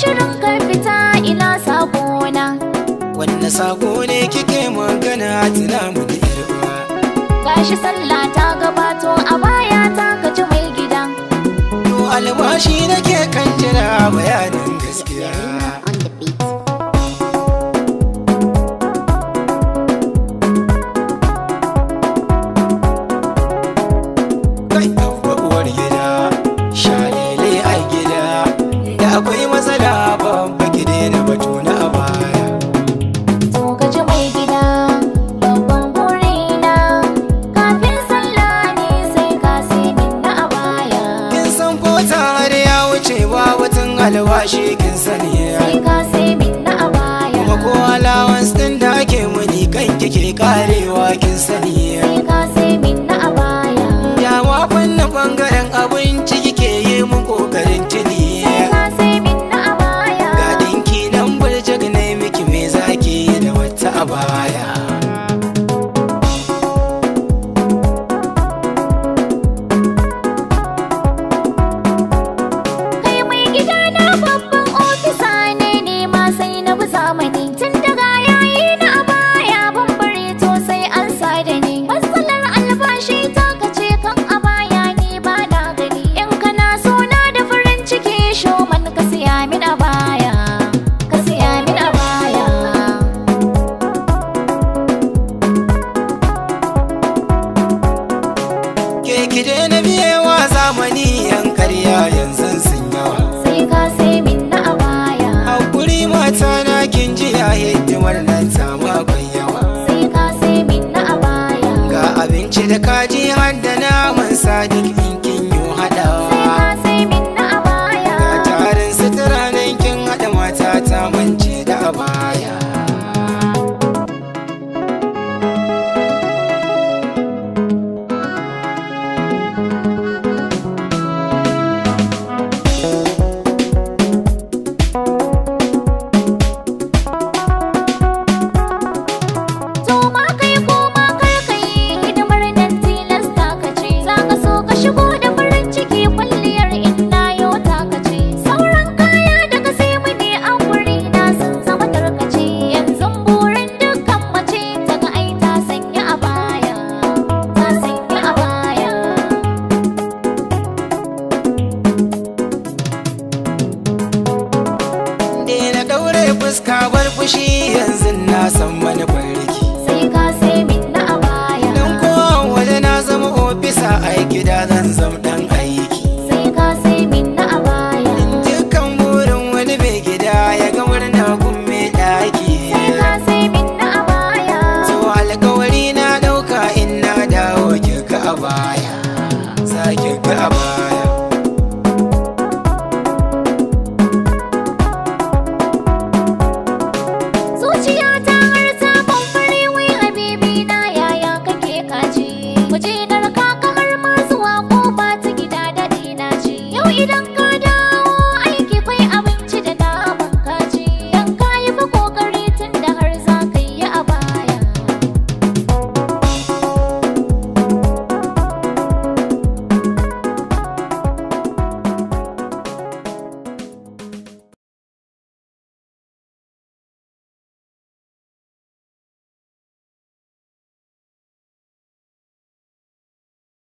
shirin ka fita ina sakona wanne sako ne kike magana a tuna mu da yarwa gashi sallah ta gabato a baya ta kaci mai gida to alwashi nake kan jira bayanin gaskiya you. alwashi ki na biye wa zamani yan karya yanzu sun yawa sai ka sai min na a baya hakuri mata na kin ji ya hidimar nan ta makon yawa sai ka sai min na a baya ga abinci da kaji har da naman sadiq in kin yi hadawa sai ka sai min na a baya ga tarin sutura nan kin hada mata ta mance da a baya fushi yanzu na san manufar riki sai ka sai min na a baya dan kowane na zama ofisa ai gida zan zama dan aiki sai ka sai min na a baya dukkan burin wani mai gida ya ga murna gun mai daki sai ka sai min na a baya to alƙawari na dauka in na dawo kika a baya za kika a baya